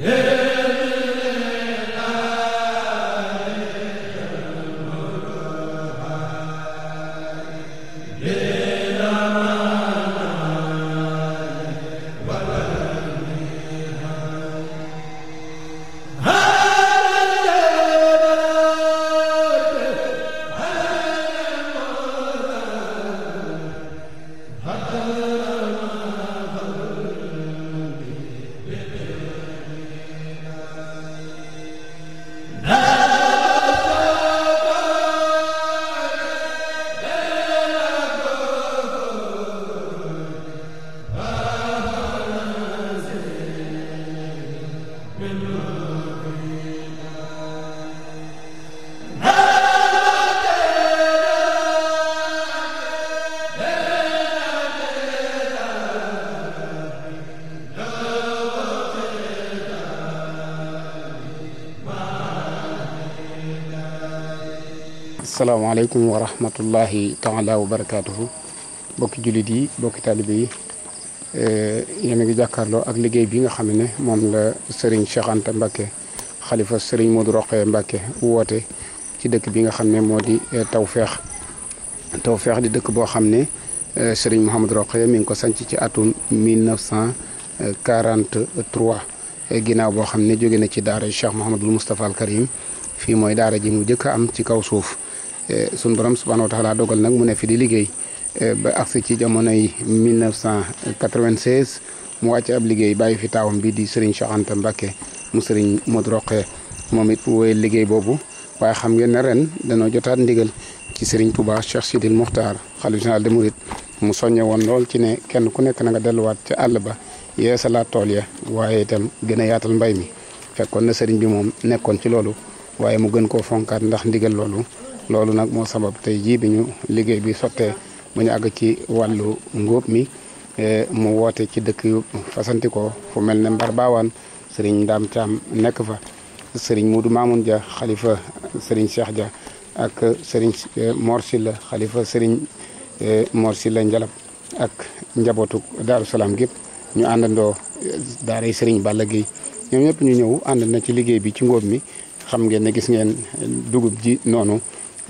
Yeah. aleykum wa rahmatullahi taala wa barakaatuhu bokki jullit yi bokki taalibe yi yéen a ngi jàkkaarloo ak liggéey bi nga xam ne moom la Serigne Cheikh Anta Mbacke xalifa Serigne Modou Rokhaya Mbacke woote ci dëkk bi nga xam ne moo di Tawfekh Tawfekh di dëkk boo xam ne Serigne Mouhamadou Rokhaya mi ngi ko sanc ci atum 1943 ginnaaw boo xam ne jóge na ci daara Cheikh Mouhamadul Moustapha al Karim fii mooy daara ji mu jëkk am ci kaw suuf suñu borom subhanahu wa taala dogal nag mu ne fi di liggéey e, ba agsi ci jamonoy 1996 mu wàcc ab liggéey bàyyi fi taawam bi di Serigne Cheikh Anta Mbacké mu Serigne Modou Rokhaya moom it wooyee liggéey boobu waaye xam ngeen ne ren danoo jotaat ndigal ci Serigne Touba Cheikh Sidil Moukhtar xalifa général de mourides mu soññe woon lool ci ne kenn ku nekk na nga delluwaat ca àll ba yeesalaat tool ya waaye itam gën a yaatal mbay mi fekkoon na Serigne bi moom nekkoon ci loolu waaye mu gën koo fonkaat ndax ndigal loolu loolu nak mo sabab tay ji biñu liggey bi soté ba ñu ci walu ngop mi eh, mu woté ci dëkk yu fasantikoo fu mel mbarbawan serigne ndam sëriñ nek fa serigne Maamun Ja khalifa serigne Cheikh dia ak serigne eh, morsil khalifa serigne morsil Mor eh, ak njabootu daru salam gep ñu andando daaray serigne Balla Gueye ñoom nyu ñu ñew and na ci liggey bi ci ngop mi xam ngeen ne gis ngeen dugub ji nonu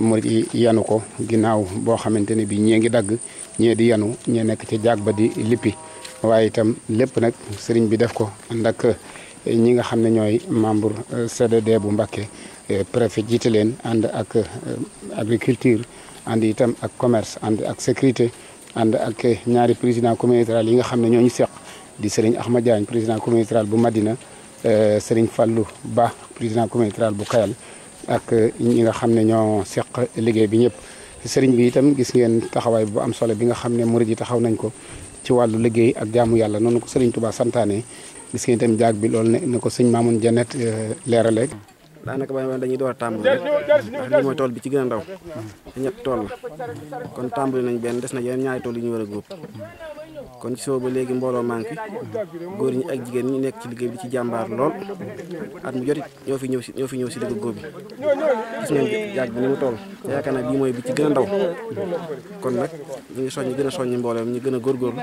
murit yi yanu ko ginnaaw boo xamante ne bi ñee ngi dagg ñee di yanu ñee nekk ci jaag ba di lippi waaye itam lépp nag sëriñ bi def ko ànd ak eh, ñi nga xam ne ñooy membre eh, CDD bu Mbacké eh, préfet jiite leen ànd ak agriculture ànd itam ak commerce ànd ak sécurité ànd ak ñaari président communautaire yi nga xam ne ñoo ñu seq di sëriñ Ahmad Diagne président communautaire bu Madina sëriñ Fallou Ba président communautaire bu Kayal ak ñi nga xam ne ñoo seq liggéey bi ñëpp sëriñ bi itam gis ngeen taxawaay bu am solo bi nga xam ne murid yi taxaw nañ ko ci wàllu liggéey ak jaamu yàlla noonu ko sëriñ Touba santaane gis ngeen itam jaag bi lool ne na ko sëñ Mamoun Janet euh, leerale daanaka ba dañuy door a tàmbali ndax tool bi ci gën a ndaw ñett tool la kon tàmbali nañ benn des na yeneen ñaari tool yi ñu war a góob kon ci soo ba léegi mbooloo man ngi góor ñi ak jigéen ñi nekk ci liggéey bi ci jàmbaar lool at mu jotit ñoo fi ñëw si ñoo fi ñëw si dëgg góor bi gis ngeen jaaj bi ni mu toll yaakaar naa bii mooy bi ci gën a ndaw kon nag ñu ngi soññi gën a soññi mbooloo ñu gën a góorgóorlu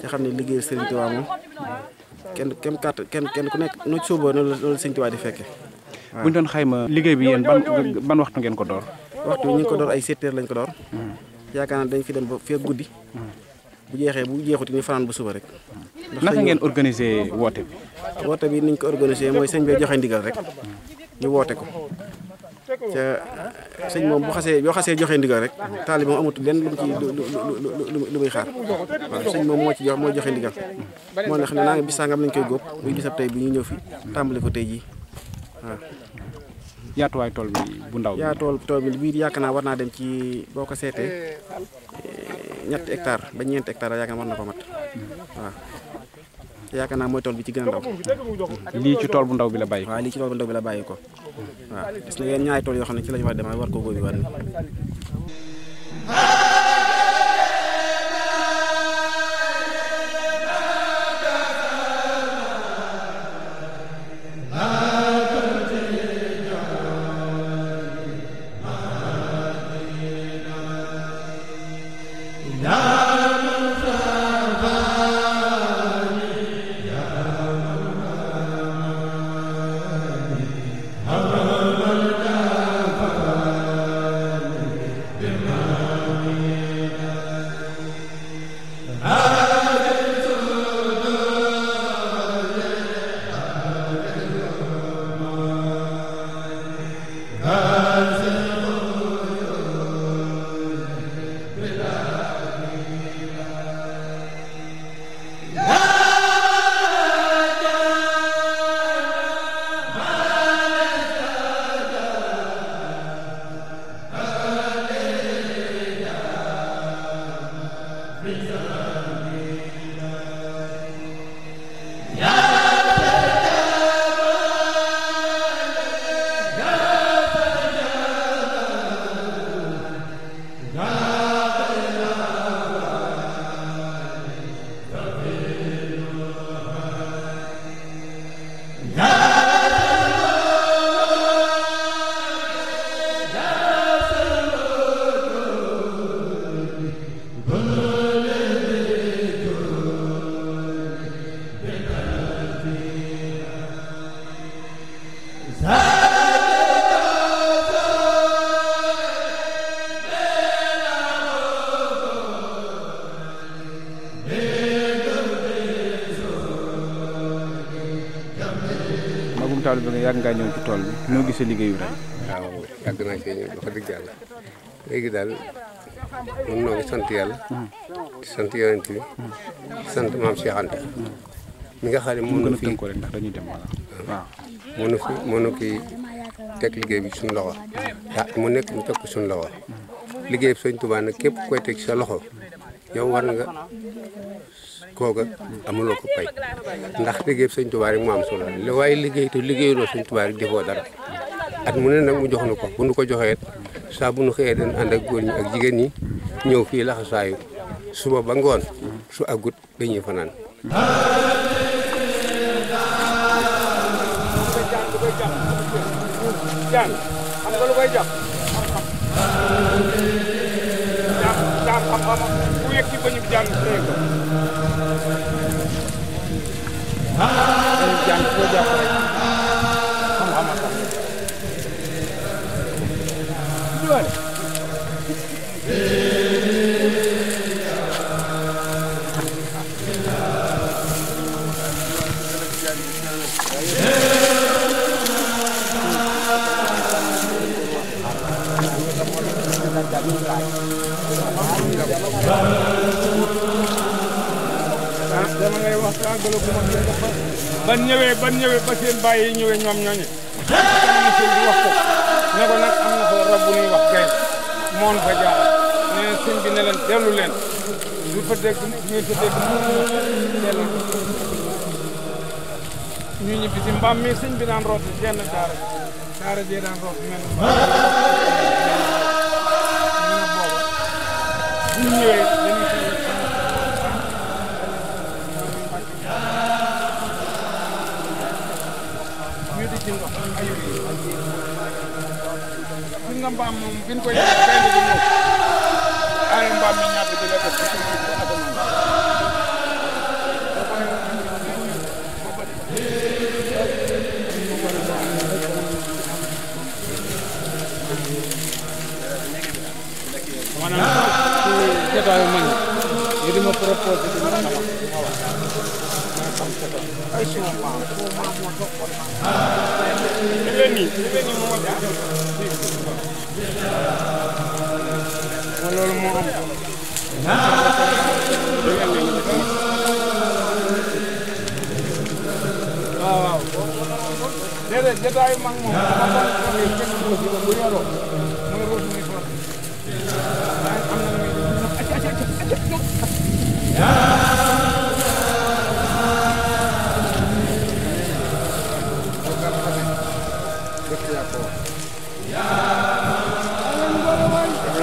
ci xam ne liggéey Sëriñ Tuubaa moom kenn kenn kàtt kenn kenn ku nekk noo ci sóoboo noonu la noonu la Sëriñ Tuubaa di fekke bu ñu doon xayma liggéey bi yéen ban ban waxtu ngeen ko door waxtu bi ñu ngi ko door ay sept heures lañ ko door hmm. yaakaar naa dañ fi dem ba fee guddi hmm. bu jeexee bu jeexut ñu fanaan ba suba rek. naka ngeen organiser woote bi. woote bi niñ ko organiser mooy sëñ bi joxe ndigal rek ñu woote ko sëñ moom bu xasee boo xasee joxe rek taalibe moom amut lenn lu lu muy xaar waaw sëñ moom moo ci jox moo joxe ndigal moo ne xam ne naa ngi bis sangam lañ koy góob muy gisab tey bi ñu ñëw fi tàmbali ko tey jii yaatuwaay tool bi bu ndaw yaa tool tool bi biir yaakaar naa war naa dem ci boo ko seetee eh, ñetti hectare ba ñeenti hectare yaakaar naa war na ko mat waaw. yaakaar naa mooy tool bi ci gën a ndaw. Hmm. lii ci tool bu ndaw bi la bàyyi ko. lii ci tool bu ndaw bi la bàyyi ko waaw gis na yeneen ñaari tool yoo xam ne ci la ñu war a demee war koo góobiwaat nii. yàgg ngaa ñëw ci tool noo gisee liggéeyu ren. waaw yàgg naa see ñëw wax dëgg yàlla léegi daal mën noo sant yàlla. di sant yonent sant maam Cheikh Anta. nga xam ne moom la fi ko ndax dañuy dem wala kii teg liggéey bi suñ loxo ah mu nekk mu teg ko suñu loxo liggéey bi sëñ Tuubaa nag képp koy teg sa loxo yow war nga kooga amuloo ko pay ndax liggéey sëñ Tuubaa rek mu am solo la waaye liggéey te liggéeyuloo sëñ Tuubaa rek defoo dara at mu ne mu jox nu ko bu nu ko joxee saa bu nu xëyee dañ ànd ak góor ñi ak jigéen ñi ñëw fii laxasaayu suba ba ngoon su agut dañuy fanaan jàng xam nga lu koy jàpp xam-xam jàng Jangan lewat lagu lu kumandang ban ñëwee ban ñëwee ba seen bàyyi yi ñëwee ñoom ñooñu kanam sëñ bi wax ko ne ko nag am na fa rab bu ñuy wax gay moon fa jaar nee na sëñ bi ne leen dellu leen du fa dégg ngeen fa dégg mu dellu ñu ñibbi si mbaam mi sëñ bi daan root jenn daara daara jee daan root mel na booba bu la mbaam moom bi ñu koy yëngu gaynde gi ñëw aaya mbaam mi ñaata bi la def ci suuf bi asamaan jotaayu mag ñi ñu di ma proposé di ma xamal ay suma maam suma maam moo toppoon loolu moo am waaw waaw déedéet jotaay mag moom bu yoroo mooy roos muy fort am na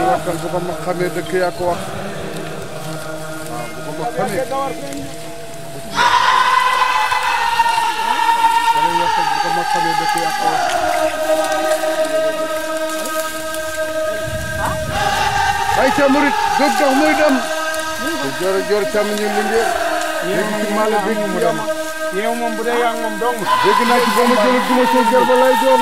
waxal bu ko ma xamee dëkk yaa ko wax waaw bu ko ma xamee dëkk yaa wax ay ca murit jóg dox muy dem jor jor cam ñu liggéey léegi ci mu dem yow moom bu dee yaa moom dong dégg naa ci ba ma jël duma seen gerba lay doon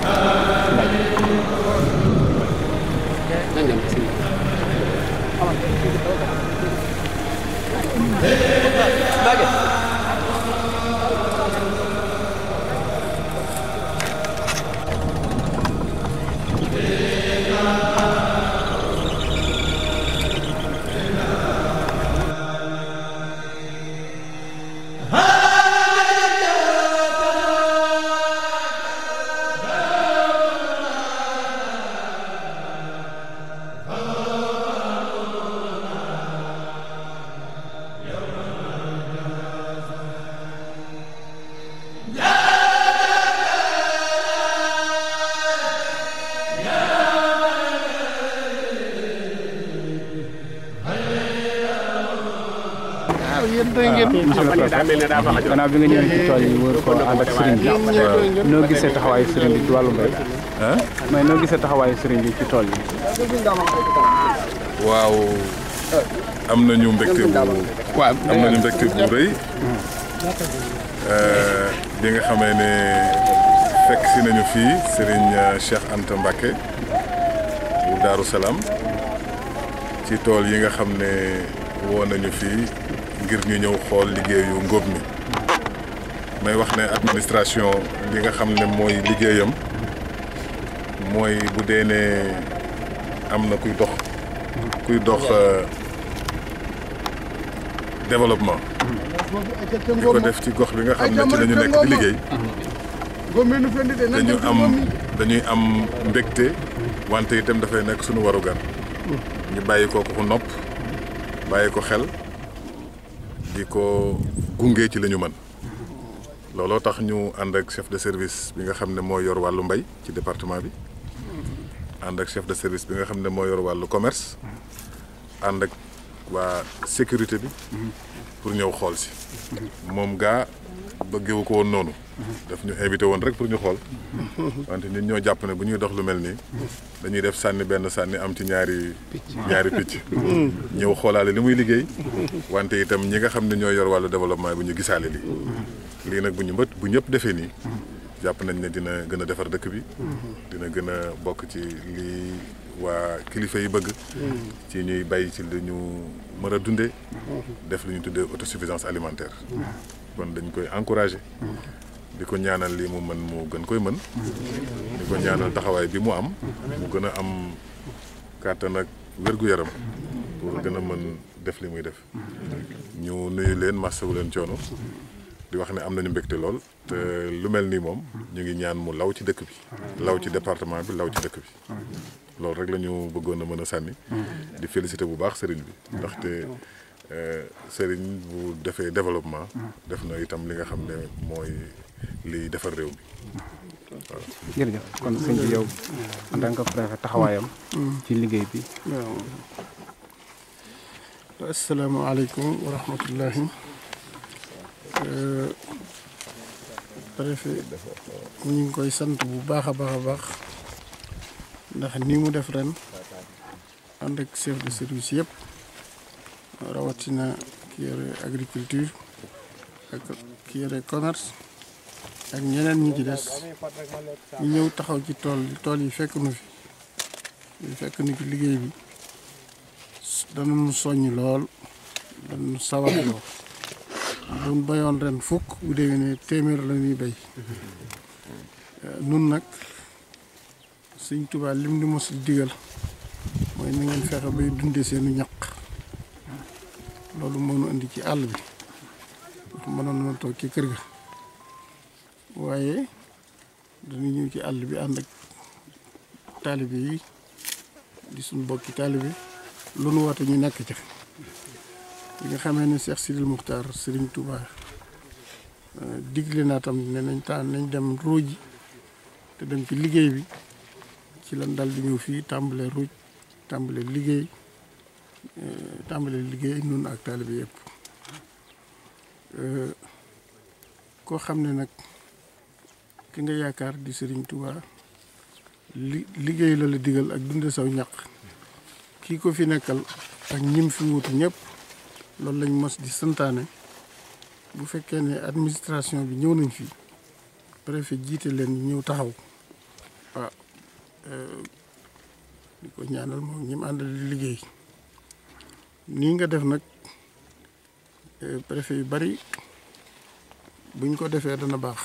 네. 네. gannaaw bi nga ñëwee ci tool yi wër ko ànd ak sëriñ bi noo gisee taxawaayu sëriñ bi ci wàllu mbay mais noo gisee taxawaayu sëriñ bi ci tool yi waaw am nañu mbégte bu am nañu mbégte bu rëy bi nga fekk nañu sëriñ Cheikh Anta bu ci tool yi nga ngir ñu ñëw xool liggéeyu ngóob mi may wax ne administration bi nga xam ne mooy liggéeyam mooy bu dee ne am na kuy dox kuy dox euh, développement di ko def ci gox bi nga xam ne ci lañu nekk ci liggéey dañu am dañuy am mbégte wante itam dafay nekk suñu warugar ñu bàyyi ko ku nopp bàyyi ko xel di ko gunge ci li ñu mën looloo tax ñu ànd ak chef de service bi nga xam ne moo yor wàllu mbay ci département bi ànd ak chef de service bi nga xam ne moo yor wàllu commerce ànd ak waa sécurité bi mm-hmm. pour ñëw xool si moom gaa bëggewu ko woon noonu daf ñu invité woon rek pour ñu xool wante nit ñoo jàpp ne bu ñuy dox lu mel nii dañuy def sànni benn sànni am ci ñaari ñaari picc ñëw xoolaale li muy liggéey wante itam ñi nga xam ne ñoo yor wàllu développement bu ñu gisaale lii lii nag bu ñu mbët bu ñëpp defee nii jàpp nañ ne dina gën a defar dëkk bi dina gën a bokk ci lii waa kilifa yi bëgg ci ñuy bay ci li ñu mën a dunde def lu ñu tuddee autosuffisance alimentaire kon dañ koy encouragé di ko ñaanal lii mu mën mu gën koy mën di ko ñaanal taxawaay bi mu am mu gën a am kàttan ak wér yaram pour gën a mën def li muy def ñu nuyu leen masawu leen coono di wax ne am nañu mbégte lool te lu mel nii moom ñu ngi ñaan mu law ci dëkk bi law ci département bi law ci dëkk bi loolu rek lañu bëggoon a mën a sànni di félicité bu baax sëriñ bi ndaxte Euh, sëriñ bu defee développement. def na itam li nga xam ne mooy liy defar réew mi voilà. jërëjëf kon sëñ bi yow en tant que préfet taxawaayam. ci liggéey bi. waaw asalaamaaleykum wa rahmatullahi. Euh, préfet ñu ngi koy sant bu baax a baax a baax ndax ni mu def ren ànd ak de service yëpp. rawatina ki yore agriculture ak ki yore commerce ak ñeneen ñi ci des ñëw taxaw ci tool tool yi fekk nu fi ñu fekk nu ci liggéey bi danañu soññ lool danañu sawar lool buñ bayoon ren fukk bu déwénee téeméer la ñuy bay eh, nun nag Sëñ Tuubaa lim di mos digal mooy na ngeen fexe bay dunde seenu ñaq loolu moo nu indi ci àll bi ndax mënoon na toog ci kër ga waaye dañu ñëw ci àll bi ànd ak taalibe yi di suñ bokki taalibe lu nu woote ñu nekk ca bi nga xamee ne Cheikh Sidil Muxtaar Sëriñ Touba eh, digle naa tam ne nañ taan nañ dem ruuj te dem ci liggéey bi ci lan dal di ñëw fii tàmbale ruuj tàmbale liggéey tàmbali liggéey nun ak taalibe yëpp euh, koo xam ne nag ki nga yaakaar di Sëriñ Tuubaa li liggéey la la digal ak dunde saw ñaq kii ko fi nekkal ak ñim fi wutu ñépp loolu lañ mos di santaane bu fekkee ne administration bi ñëw nañ fi préfet jiite leen ñëw taxaw waaw ah, euh, di ko ñaanal moom ñim àndal liggéey nii nga def nag eh, préfet yu bari buñ ko defee dana baax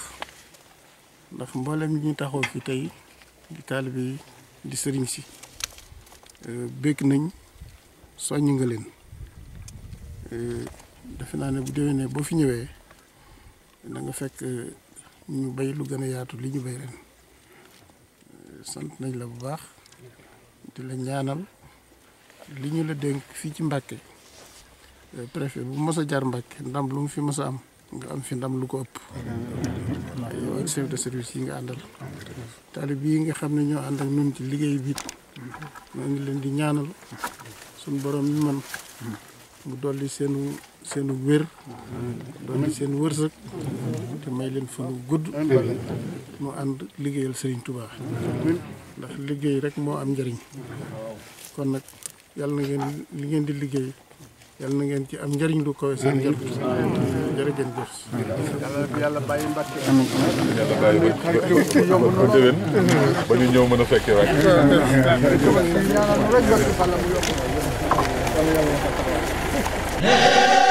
ndax mboolem ñu taxaw fi tey di taalibe yi di sëriñ si eh, bëgg nañ soññ nga leen eh, defe naa ne bu déwénee boo fi ñëwee da fekk ñu bay lu gën a yaatu li ñu bay ren sant nañ la bu baax di la ñaanal li ñu la dénk fii ci Mbàkke euh, préfet bu mos a jaar Mbàkke ndam lu mu fi mos a am nga am fi ndam lu ko ëpp yow ak chef de service yi nga àndal taalib yi nga xam ne ñoo ànd ak ñun ci liggéey bi ñoo ngi leen di ñaanal suñu borom ñu man mu dolli seenu seenu wér dolli seen wërsëg te may leen fa lu gudd mu ànd liggéeyal Sëriñ Tuubaa ndax liggéey rek moo am njëriñ kon nag yàlla na ngeen li ngeen di liggéey yàlla na ngeen ci am njëriñ lu koy seen njëriñ jërëjëf jëf yàlla bàyyi Mbàkke yàlla bàyyi ba ñu ñëw mën a fekkee waat rek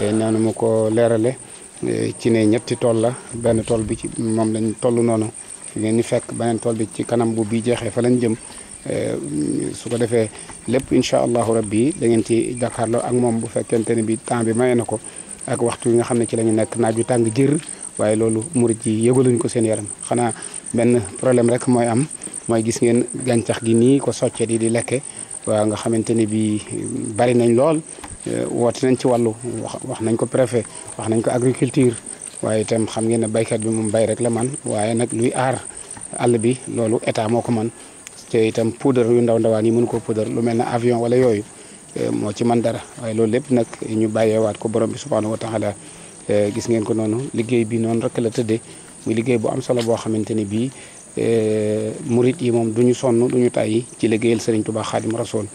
Eh, noonu mu ko leerale eh, ci ne ñetti tool la benn tool bi ci moom lañ toll noonu fi ngeen ñu fekk beneen tool bi ci kanam bu bii jeexee fa lañ jëm eh, su ko defee lépp incha allahu rabbi dangeen ngeen ci jàkkaarloo ak moom bu fekkente ne bi temps bi maye na ko ak waxtu yi nga xam ne ci la nekk naaj wi tàng jër waaye loolu murit yi yëgaluñ ko seen yaram xanaa benn problème rek mooy am mooy gis ngeen gàncax gi nii ko soccet yi di lekke waaw nga xamante ne bi bari nañ lool Eh, woote nañ ci wàllu wax nañ ko préfet wax nañ ko agriculture waaye itam xam ngeen ne baykat bi moom bay rek la man waaye nag luy aar àll bi loolu état moo ko man te itam poudre yu ndaw ndawaan yi mun ko poudre lu mel ne avion wala yooyu eh, moo ci man dara waaye loolu lépp nag ñu bàyyeewaat ko borom bi subhanahu wa taala eh, gis ngeen ko noonu liggéey bi noonu rek la tëddee muy liggéey bu am solo boo xamante ni bii murit yi moom duñu sonn duñu tàyyi ci liggéeyal Sëriñ Tuubaa Xaadim Rasuul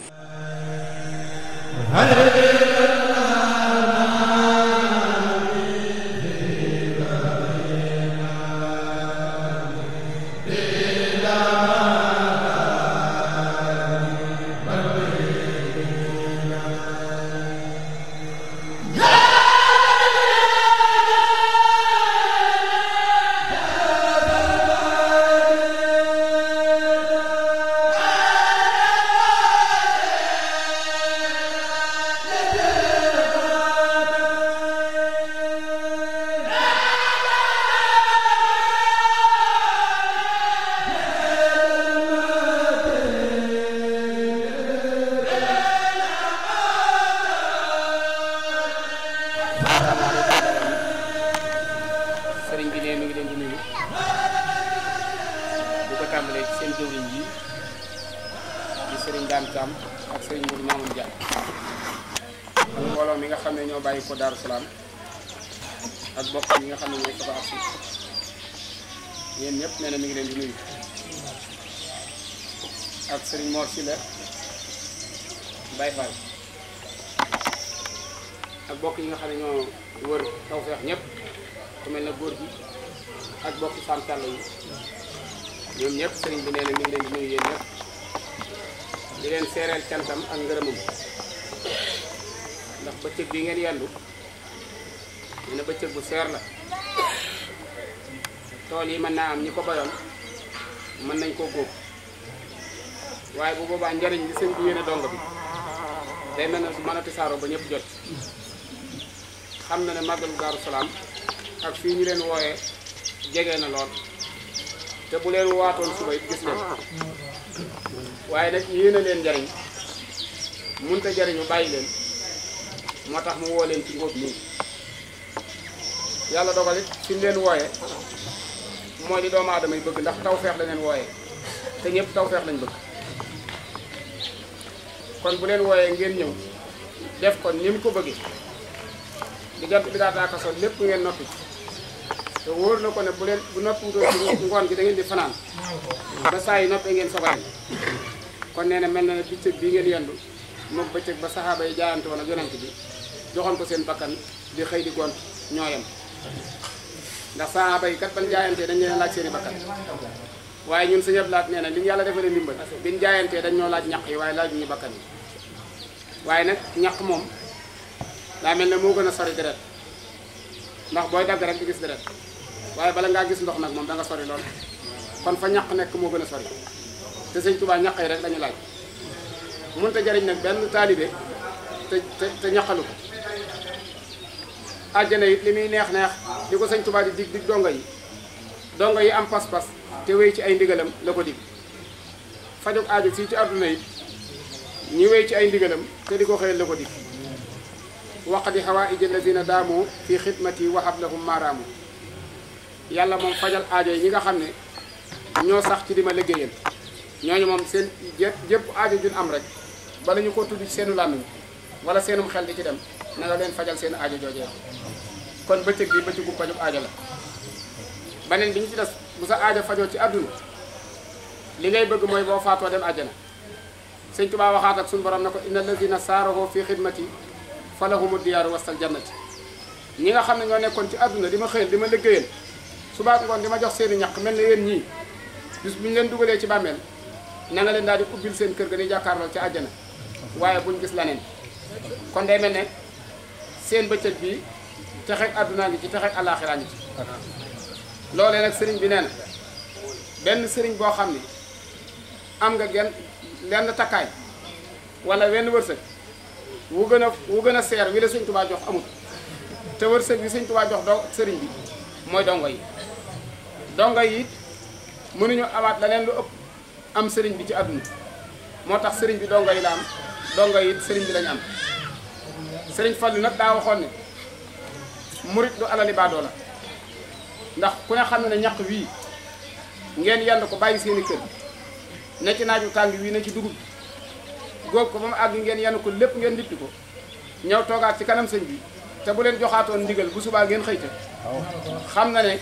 Bye bye. ak bokk yi nga xam ñoo wër tawfeex ñëpp ku mel ne gi ak bokk sam yi ñoom bi mi ngi nuyu di cantam ak ngërëmam ndax bëccëg bi ngeen yendu nee na bëccëg bu seer la tool yi mën am mën nañ bu li bi dong bi day mel ne mën a tasaaroo ba ñëpp jot xam na ne màggalu gaaru Salaam ak fii ñu leen wooye jege na lool te bu leen waatoon suba it gis leen waaye nag yéen a leen njariñ mënta jariñu bàyyi leen moo tax mu woo leen ci ngóob nii yàlla dogal it fi mu leen wooyee mooy li doomu aadama yi bëgg ndax taw feex la leen wooye te ñëpp taw feex lañ bëgg kon bu leen wooyee ngeen ñëw def kon ni mu ko bëggee diggante bi daal daa ko lépp ngeen noppi te wóor na ko ne bu leen bu noppi ngoon gi dangeen ngeen di fanaan ba saa yi noppee ngeen soog kon nee na mel na ne bëccëg bii ngeen yandu yendu moom bëccëg ba saxaaba yi jaayante woon ak yonent bi joxoon ko seen bakkan di xëy di gont ñooyam ndax saxaaba yi kat ban jaayantee dañ leen laaj seen i bakkan waaye ñun sëñ Abdou Lahad nee na li ñu yàlla defalee ndimbal biñ jaayantee dañ ñoo laaj ñaq yi waaye laaj ñu bakkan yi waaye nag ñaq moom daa mel ne moo gën a sori deret ndax booy dagg rek di gis deret waaye bala ngaa gis ndox nag moom da sori lool kon fa ñaq nekk moo gën a sori te sëñ Tuubaa ñaq yi rek dañu laaj mënut a jariñ nag benn taalibe te te te ñaqalu ko àjjana it li muy neex neex di ko sëñ Tuubaa di dig dongo yi dongo yi am pas-pas تيوي تي اي ay لاكو la فادوك dig fajog تي fii ci àdduna yi ñi wéy ci ay ndigalam te di ko xëyal la ko dig waqdi hawaaij alladina daamu fi xidmati wa hablahum maaraamu yàlla moom fajal aajo sax ci dima liggeyal liggéeyal ñooñu moom seen jëpp aajo jun am rek ba lañu ko tudd ci seenu wala seenum xel di ci dem na nga leen fajal seen aajo joojee kon bëccëg bi bëccëgu pajub aajo la beneen bi ñu ci des سيدي بابا هذا سنبرم نكو إن الذين ساروا في خدمتي فلهم الديار والجنة نيغا خامني نيو نيكون تي ادنا ديما خيل ديما ليغيل سوبا كون ديما جوخ سيني نياك مل لين ني بيس بون لين دوغالي تي بامل نانا لين دادي اوبيل سين كير غاني جاكارال تي اجانا وايي بون غيس لانين كون داي ملني سين بيتيل بي تخك ادنا لي تي تخك الاخره ني loole nag sëriñ bi nee na benn sëriñ boo xam ne am nga genn lenn takkaay wala wenn wërsëg wu gën a wu gën a seer wi la sëñ Tuubaa jox amut te wërsëg bi sëñ Tuubaa jox do sëriñ bi mooy dongo yi dongo yi it mënuñu amaat la leen lu ëpp am sëriñ bi ci àdduna moo tax sëriñ bi dongo yi la am dongo yi sëriñ bi lañu am sëriñ Fallu nag daa waxoon ne murit du alali baadoo la ndax ku ne xam ne ne ñaq wii ngeen yand ko bàyyi seen i kër ne ci naaju tàng wii ne ci dugub góob ko ba mu àgg ngeen yand ko lépp ngeen dippi ko ñaw toogaat ci kanam sëñ bi te bu leen joxaatoon ndigal bu subaa ngeen xëyta xam na ne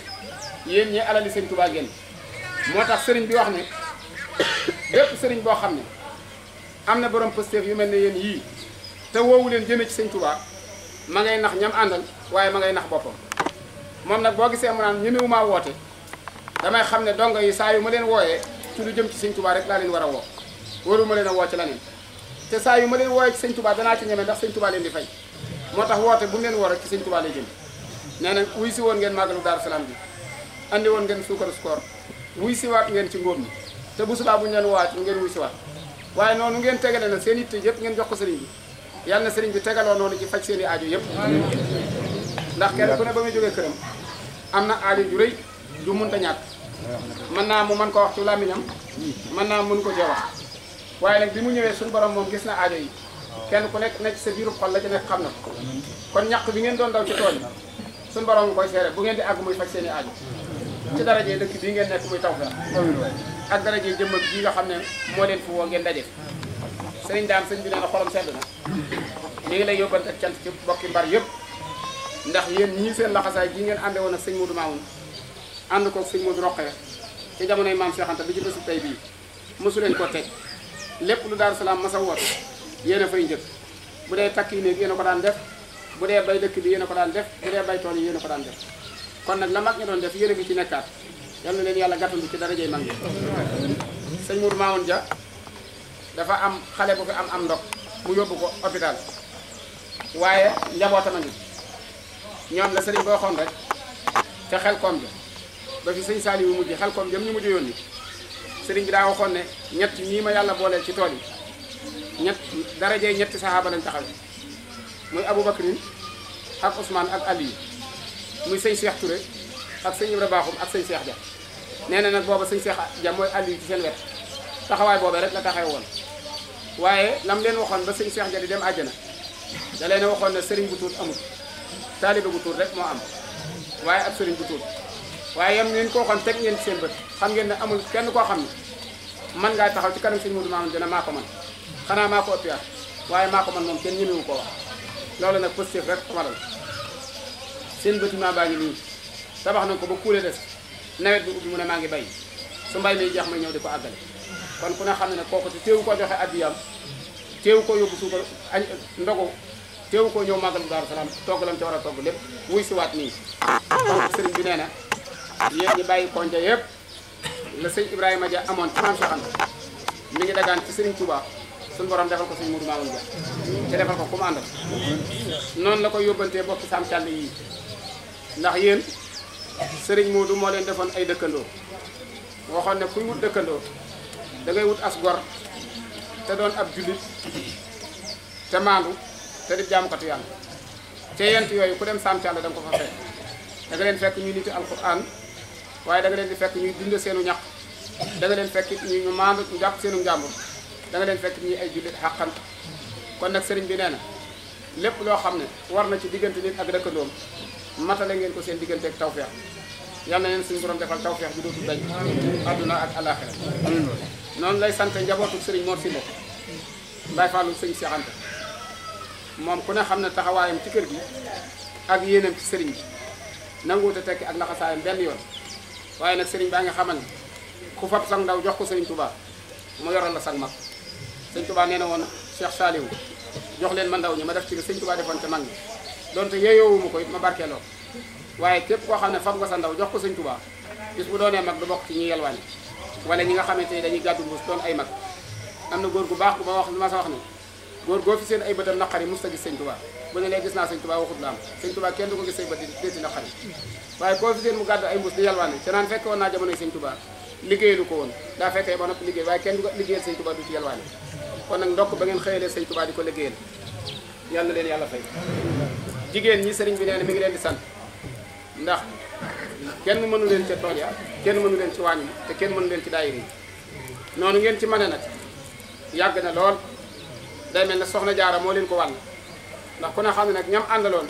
yéen ñi alali sëñ Tuubaa ngeen moo tax sëriñ bi wax ne bépp sëriñ boo xam ne am na borom pësteef yu mel ne yéen yii te woowu leen jëme ci sëñ ma ngay nax ñam àndal waaye ma ngay nax boppam moom nag boo gisee mu naan ñemewu maa woote damay xam ne dongo yi saa yu ma leen wooyee ci jëm ci sëñ Tuubaa rek laa leen war a woo waru ma leen a woo ci leneen te saa yu ma leen wooyee ci sëñ Tuubaa danaa ci ñeme ndax sëñ Tuubaa leen di fay moo tax woote bu mu leen woo rek ci sëñ Tuubaa lay jëm nee na wuy si woon ngeen màggalu Daaru Salaam bi andi woon ngeen suukaru koor wuy si waat ngeen ci ngóob mi te bu subaa bu ñu leen woowaat ngeen wuy si waat waaye noonu ngeen tegale na seen itte yëpp ngeen jox ko sëriñ bi yàlla bi tegaloo noonu ci faj i aajo yëpp ndax kenn ku ne ba muy jógee këram am na aajo ju rëy ju munta ñàkk mën naa mu man ko wax ci làmmiñam mën naa mënu ko cee wax waye nak bi mu ñëwé suñu borom mom gis na aajo yi kenn ku nekk ci sa biiru xol la ci nekk xamna kon ñak bi ngeen doon daw ci tool suñu borom ko xéré bu ngeen di ag muy faj seeni aajo ci dara darajee dëkk bi ngeen nekk muy tawfa ak dara ak jëm ak gi nga xam mo leen fu wo ngeen dajé sëriñ daam sëñ bi nee xolam sedd na ñu ngi lay yóbbante ak cant ci bokki mbar yëpp ndax yeen ñi seen laxasaay gi ngeen ànde woon ak sëñ Modou Mamoun ànd koog sëñ Modou Roqee ci jamono jamonoy maam Cheikh Anta bi ci bëss tey bii mosu leen ko teg lépp lu Daaru Salaam masa woote yéen a fay njëkk bu dee takk yi néeg yéen a ko daan def bu dee bay dëkk bi yéen a ko daan def bu dee bay tool yi yéen a ko daan def kon nag la mag ñu doon def yéen a ngi ci nekkaat yalla leen yàlla gàttandu ci darajey mag ñi sëñ Modou Mamoun ja dafa am xale bu fi am am ndox mu yóbbu ko hôpital waaye njabootam a ngi ñoom la sëriñ bi waxoon rek ca xel koom ja ba fi sëñ Saaliw yu mujj xel koom jëm ñu mujj yónni sëriñ bi daa waxoon ne ñett ñii ma yàlla booleel ci tool yi ñett darajee ñetti saxaaba lañ taxawe muy Aboubacrine ak Ousmane ak Aliou muy sëñ Cheikh Touré ak sëñ Ibra Baaxum ak sëñ Cheikh Dia nee na nag booba sëñ Cheikh Dia mooy Aliou ci seen wet taxawaay boobee rek la taxawe woon waaye lam leen waxoon ba sëñ Cheikh Dia di dem àjjana da leen waxoon ne sëriñ bu tuut amul taalibe bu tuut rek moo am waaye ak sëriñ bu tuut waaye yam ngeen koo xam teg ngeen seen bët xam ne amul kenn koo xam ne man ngaa taxaw ci kanam sëñ Modou Mamoune dina maa ko man xanaa maa ko ëppiwaat waaye maa ko man moom kenn ñemewu koo wax loolu nag positif rek amaral seen bâtiment baa ngi nii tabax nañ ko ba kuule des nawet bi ubbi mu ne maa ngi bay su mbay mi jeex ma ñëw di ko àggale kon ku ne xam ne ne kooku te téewu ko joxe addiyam téewu ko yóbbu suukar añ ndogu teew ko ñëw magal daru salam tok lam ci wara tok lepp wuy ci wat ni sëriñ bi nee na ñi bayyi konja yëpp le sëñ Ibrahima ja amoon 30 ans mi ngi dagan ci sëriñ Touba sun borom defal ko sëñ Mourou Mamoun Dia te defal ko ku andal non la ko yobante bokk sam tall yi ndax yeen sëriñ Modou mo leen defon ay dëkkandoo waxon ne kuy wut dëkkandoo da ngay wut asgor te doon ab julit te maandu te di jaamukatu yàlla ca yent yooyu ku dem sant yàlla da nga ko fa fekk da nga leen fekk ñuy niti alquran waaye da nga leen di fekk ñuy dund seenu ñax da nga leen fekk ñu maandu ñu jàpp seenu njàmbur da nga fekk ñuy ay jullit xàqan kon nag sëriñ bi nee lépp loo xam ne war na ci diggante nit ak dëkkandoom matale ngeen ko seen diggante ak tawfeex yal na leen suñu borom defal tawfeex bi dootul dañ adduna ak alaxira noonu lay sant njabootu sëriñ moo Simbo Mbaye Fallou sëriñ Cheikh Anta mom ku ne xamna taxawayam ci kër gi ak yéenam ci serigne bi ta tek ak la laxasaayam ben yoon waye nak serigne ba nga xamal ku fab sang ndaw jox ko serigne Touba mu yoral la sang mak serigne Touba neena won Cheikh Saliou jox len man ndaw ñi ma def ci serigne Touba defon ci mag ñi donte yeeyoowu ma ko it ma barké lo waye kep ko xamne fab nga sa ndaw jox ko serigne Touba bis bu doone mag du bok ci ñi yelwaani wala ñi nga xamante ni dañuy gàddu mbuus ton ay mag amna na góor gu baax gu ma wax lu ma sa wax ni góor goo fi seen ay bëtam naqari musta gis sëñ Tuubaa bu ne lee gis naa sëñ Tuubaa waxut la am sëñ Tuubaa kenn du ko gis say bët déeti naqari ko woon daa fekkee ba noppi liggéey waaye kenn du ko liggéeyal sëñ Tuubaa du ci yalwaane kon nag ndokk ba ngeen xëyalee sëñ Tuubaa di ko liggéeyal yal na leen yàlla fay jigéen ñi sëriñ bi nee na mi ngi leen di sant ndax kenn mënu leen ca tool ya kenn mënu leen ci wàññi te kenn mënu leen ci daay yi ngeen ci mën nag yàgg na lool day mel ne soxna jaara moo leen ko wàll ndax ku ne xam ne nag ñam àndaloon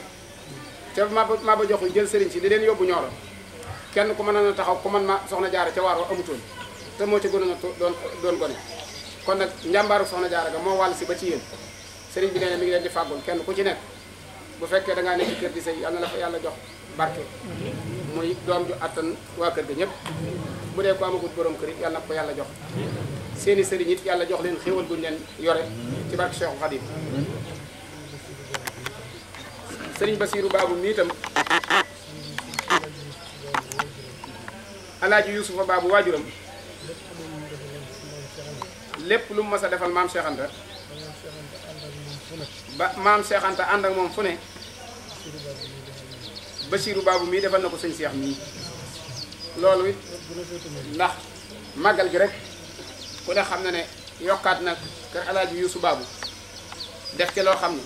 ca maba maba jox jël sëriñ si di leen yóbbu ñooro kenn ku mën a taxaw ku man ma soxna jaara ca waar wa amutoon te moo ci gënoon a doon doon gone kon nag njàmbaaru soxna jaara ga moo wàll si ba ci yéen sëriñ bi nee na mi ngi leen di fàggul kenn ku ci nekk bu fekkee da ngaa nekk ci kër di sëy yàlla na la fa yàlla jox barke muy doom ju attan waa kër ga ñëpp mu dee ko amagut borom kër it yàlla na yàlla jox seeni sëriñ yàlla jox leen xéwal guñ leen yore ci barke Cheikh Khadim sëriñ Basiiru Baabu mii itam alaaji Yuusufa Baabu waajuram lépp lu mu mas a defal maam Cheikh Anta ba maam Cheikh ànd ak moom fu ne Basiiru Baabu mii defal na ko sëñ seex mii loolu ndax màggal gi rek ku ne xam na ne yokkaat nag kër alaaji Yuusu Baabu def ci loo xam ne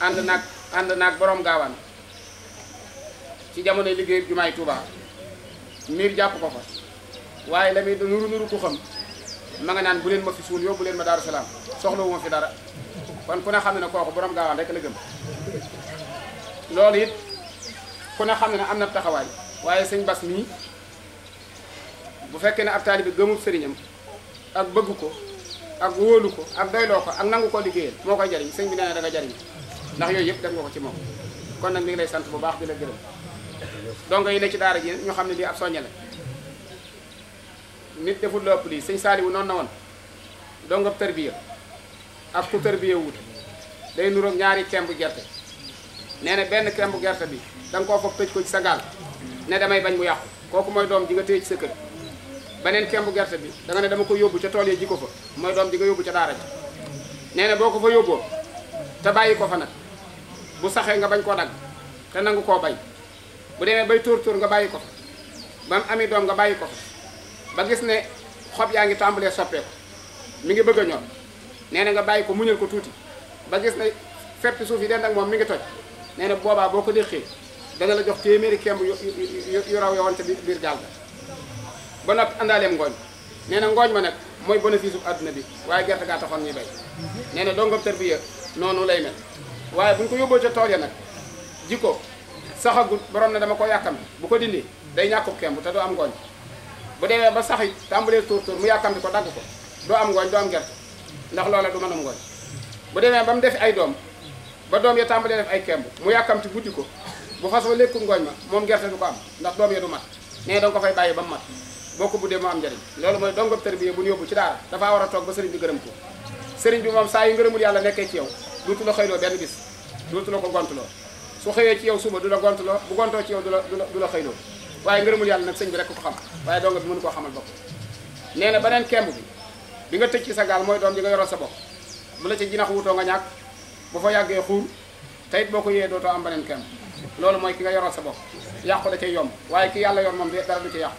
ànd naag ànd naag borom gaawaan ci jamonoy liggéey jumaay Touba miir jàpp ko fa waaye la muy nuru nuru ku xam ma nga naan bu leen ma fi suul yóbbu leen ma Daaru Salaam soxlawu fi dara kon ku ne xam ne kooku borom gaawaan rek la gëm loolu it ku ne xam ne am na taxawaay waaye sëñ Bas mii bu fekkee ne ab taalibe gëmul sëriñam ak bëggu ko ak wóolu ko ak doyloo ko ak nangu ko liggéeyal moo koy jariñ sëñ bi nee na da nga jariñ ndax yooyu yëpp def nga ko ci moom kon nag mi ngi lay sant bu baax di la gërëm donc yi ne ci daara ji ñu xam ne lii ab soññe deful la lii sëñ Saaliwu noonu na woon dong ab tërbiya ak ku tërbiya wut day nuroog ñaari kemb gerte nee na benn kemb gerte bi da koo ko tëj ko ci sa gaal ne damay bañ mu yàqu kooku mooy doom ji nga téye ci sa kër beneen kembu gerte bi da nga ne dama ko yóbbu ca tool ya ji ko fa mooy doom ji nga yóbbu ca daara ja nee na boo ko fa yóbboo te bàyyi ko fa nag bu saxee nga bañ koo dagg te nangu koo bay bu demee bay tuur tuur nga bàyyi ko fa ba mu ami doom nga bàyyi ko fa ba gis ne xob yaa ngi tàmbalee soppeeku mu ngi bëgg a ñor nee na nga bàyyi ko muñal ko tuuti ba gis ne feppi suuf yi den ak moom mi ngi toj nee na boobaa boo ko déqee dana la jox téeméeri kemb yu yu raw yowoon ca biir gaal ba noppi àndaaleem ngooñ nee na ngooñ ma nag mooy bénéfice bu àdduna bi waaye gerte gaa taxoon ñuy bay nee na dongam tarbiya noonu lay mel waaye bu ñu ko yóbboo ca tool ya nag ji ko saxagut borom ne dama ko yàkkam bu ko dindi day ñàkkub kemb te doo am ngooñ bu demee ba sax it tàmbalee tuur tuur mu yàkkamti ko ko doo am ngooñ doo ndax loola du mën am ngooñ bu demee ba mu def ay doom ba doom ya tàmbalee def ay kemb mu yàkkamti buddi ko bu fas wa lékkul ngooñ ma moom gerte du ko am ndax doom ya du mat nee danga ko fay bàyyi ba mu mat boo ko buddee mu am njariñ loolu mooy dongob tarbiya bu ñu yóbbu ci daara dafaa war a toog ba sëriñ bi gërëm ko sëriñ bi moom saa yu ngërëmul yàlla nekkee ci yow duutu la xëyloo benn bis duutu la ko gontuloo su xëyee ci yow suba du la gontuloo bu gontoo ci yow du la du la xëyloo waaye ngërëmul yàlla nag sëñ bi rek ko xam waaye dongo bi mënu koo xamal bopp nee na beneen kemb bi bi nga tëj ci sa gaal mooy doom ji nga yoroon sa bopp bu la ca jinax wutoo nga ñàkk bu fa yàggee xuur tayit boo ko yee dootoo am beneen kemb loolu mooy ki nga yoral sa bopp yàqu da cay yomb waaye ki yàlla yor moom dara du ci yàqu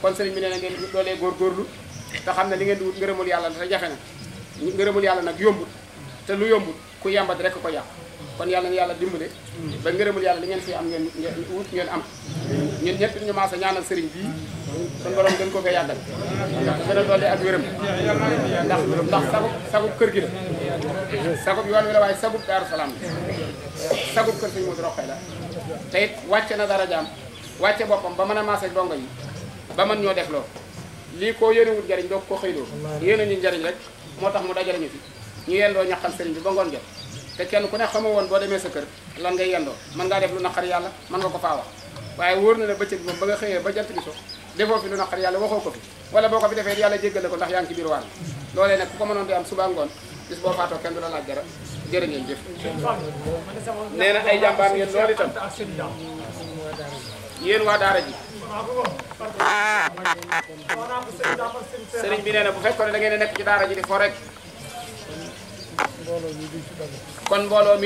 kon sëriñ bi ne na ngeen doolee góorgóorlu te xam ne li ngeen di wut yàlla te jafe na ngërëmul yàlla nag yombut te lu yombut ku yembat rek ko yàq kon yàlla yàlla dimbale ba ngërëmul yàlla li ngeen fi am ngeen wut ngeen am ñun ñëpp ñu maasa ñaanal sëriñ bii suñu borom gën ko fee yàggal ndax gën a ak wéram ndax sagub sagub kër gi la sagub yoon wi la waaye sagub daaru salaam la sagub kër sëñ Modou te it wàcce na darajaam wàcce boppam ba mën a maase dongo yi ba man ñoo def loo lii koo yéenewul njariñ doo ko xëyloo yéene ñu njariñ rek moo tax mu dajale ñu fi ñu yendoo ñaxal sëriñ bi ba ngoon jot te kenn ku ne xamoo woon boo demee sa kër lan ngay yendoo mën ngaa def lu naqar yàlla mën nga ko faa wax waaye wóor na ne bëccëg moom ba nga xëyee ba jant bi so defoo fi lu naqar yàlla waxoo ko fi wala boo ko fi defee yàlla jéggale ko ndax yaa ngi ci biir ko mënoon di am suba ngoon bis boo faatoo kenn du Aku anggur jëf nee na ay jàmbaar ngeen lool itam yéen waa daara ji sëriñ bi nee na bu fekkoon ne da di nekk ci daara ji di fo rek kon mbooloo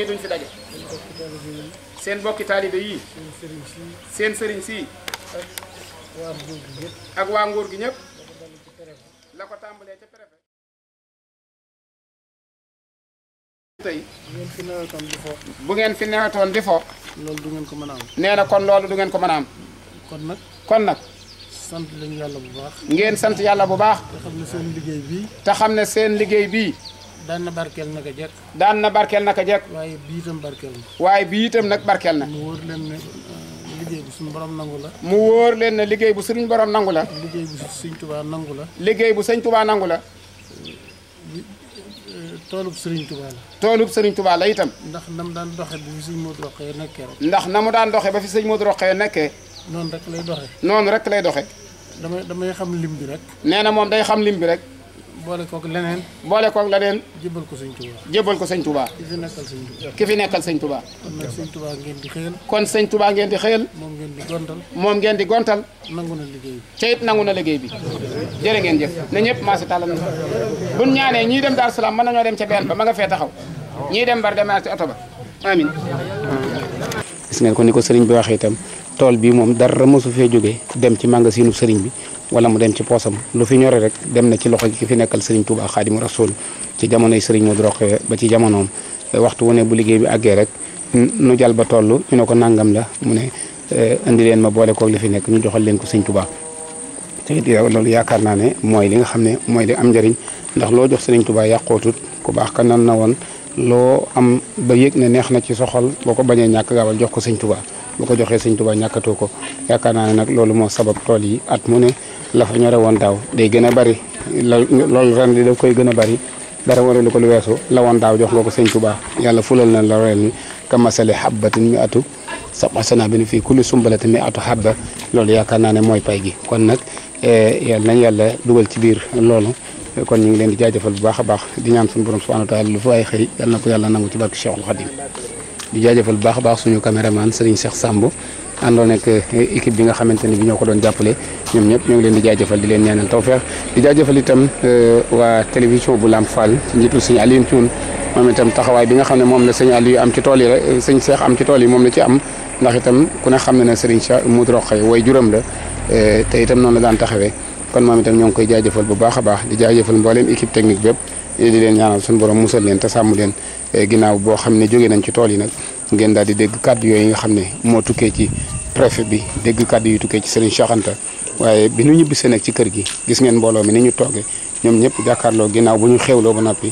tey bu ngeen fi newetoon di fo loolu du ngeen ko mën a nee na kon loolu du ngeen ko mën a kon nag kon nag. sant lañu yàlla bu baax. ngeen sant yàlla bu baax. te xam ne seen liggéey bi te xam ne seen liggéey bii. daan na barkeel naka jekk. daan na barkeel naka jekk. waaye bii itam barkeel waaye bii itam nag barkeel na. mu wóor leen ne uh, liggéey bu suñu borom nangu la. mu wóor leen ne liggéey bu suñu borom nangu la. liggéey bu suñ tubaa nangu la. liggéey bu sëñ tubaa nangu la. toolub Serigne Touba la. toolub Serigne Touba la itam. ndax na mu daan doxee ba fi sëñ Modou Rokhaya nekkee rek. ndax na mu daan doxee ba fi sëñ Modou Rokhaya nekkee. noonu rek lay doxee. noonu rek lay doxee. damay damay xam lim bi rek. nee na moom day xam lim bi rek. boole kook leneen. boole kook leneen. jébbal ko sëñ Touba. jébbal ko sëñ Touba. ki fi nekkal sëñ Touba. ki fi nekkal sëñ Touba. kon nag sëñ Touba ngeen di xëyal. kon sëñ tubaa ngeen di xëyal. moom ngeen di gontal. moom ngeen di gontal. nangu na liggéey bi. te na liggéey bi. jërë ngeen jëf na ñëpp maa si tàllal na buñ ñaanee ñii dem Darou Salaam mën nañoo dem ca benn ba ma nga fee taxaw ñii dem bar demaat ci oto ba amin gis ngeen ko ni ko sëriñ bi waxee itam tool bi moom dara mosu fee jógee dem ci magasinu sëriñ bi wala mu dem ci poosam lu fi ñore rek dem na ci loxo ki fi nekkal sëriñ Touba Xaadimu Rasuul ci jamonoy sëriñ Modou Rokhaya ba ci jamonoom waxtu wu ne bu liggéey bi àggee rek nu jal ba toll ñu ne ko nangam la mu ne eh, indi leen ma boole koog li fi nekk ñu joxal leen ko sëriñ Touba te it loolu yaakaar naa ne mooy li nga xam ne mooy li am njëriñ ndax loo jox sëriñ tubaa yàqootut ku baax ka nan na woon loo am ba yëg ne neex na ci soxal boo ko bañee ñàkk gaawal jox ko sëriñ Touba boo ko joxee sëriñ Touba ñàkkatoo ko yaakaar naa ne nag loolu moo sabab tool yi at mu ne la fa ñore woon daaw day gën a bari loolu ren di daf koy gën a bari dara waralu ko lu weesu la woon daaw jox nga ko sëñ Tuubaa yàlla fulal na la reel ni kamasali habbatin mi atu sa xasana bi fii kulli sumbalatin mi atu habba loolu yaakaar naa ne mooy pay gi kon nag eh, yàlla nañ yàlla dugal ci biir loolu kon ñu ngi leen di jaajëfal bu baax a baax di ñaan suñu borom subhanahu wa taala lu fa ay xëy yàlla na ko yàlla nangu ci barke Cheikhul Khadim di jaajëfal baax a baax suñu caméraman Serigne Cheikh Samb àndoon ak eh, équipe bi nga xamante ne bi ñoo ko doon jàppale ñoom ñëpp ñoo ngi leen di jaajëfal di leen ñaanal tawfeex di jaajëfal itam eh, waa télévision bu Lamp Fall ci njiitul sëñ Alioune Thioune moom itam taxawaay bi nga xam ne moom la sëñ Aliou am ci tool yi rek eh, sëñ Cheikh am ci tool yi moom la ci am ndax itam ku ne xam ne ne sëriñ Cheikh Modou Rokhaya way juróom la te itam noonu la daan taxawee kon moom itam ñoo ngi koy jaajëfal bu baax a baax di jaajëfal mbooleem équipe technique yëpp di leen ñaanal suñu borom musal leen te sàmmu leen ginnaaw boo xam ne jóge nañ ci tool yi nag ngeen daal di dégg kàddu yooyu nga xam ne moo tukkee ci préfet bi dégg kàddu yu tukkee ci Serigne Cheikh waaye bi nu ñibbisee nag ci kër gi gis ngeen mbooloo mi ni ñu toogee ñoom ñëpp jàkkaarloo ginnaaw bu ñu xewloo ba noppi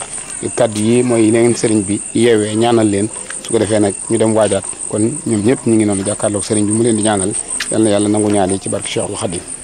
kàddu yi mooy leen sëriñ bi yeewee ñaanal leen su ko defee nag ñu dem waajaat kon ñoom ñëpp ñu ngi noonu jàkkaarloo sëriñ bi mu leen di ñaanal yal na yàlla nangu ñaan yi ci barke Cheikhul Khadim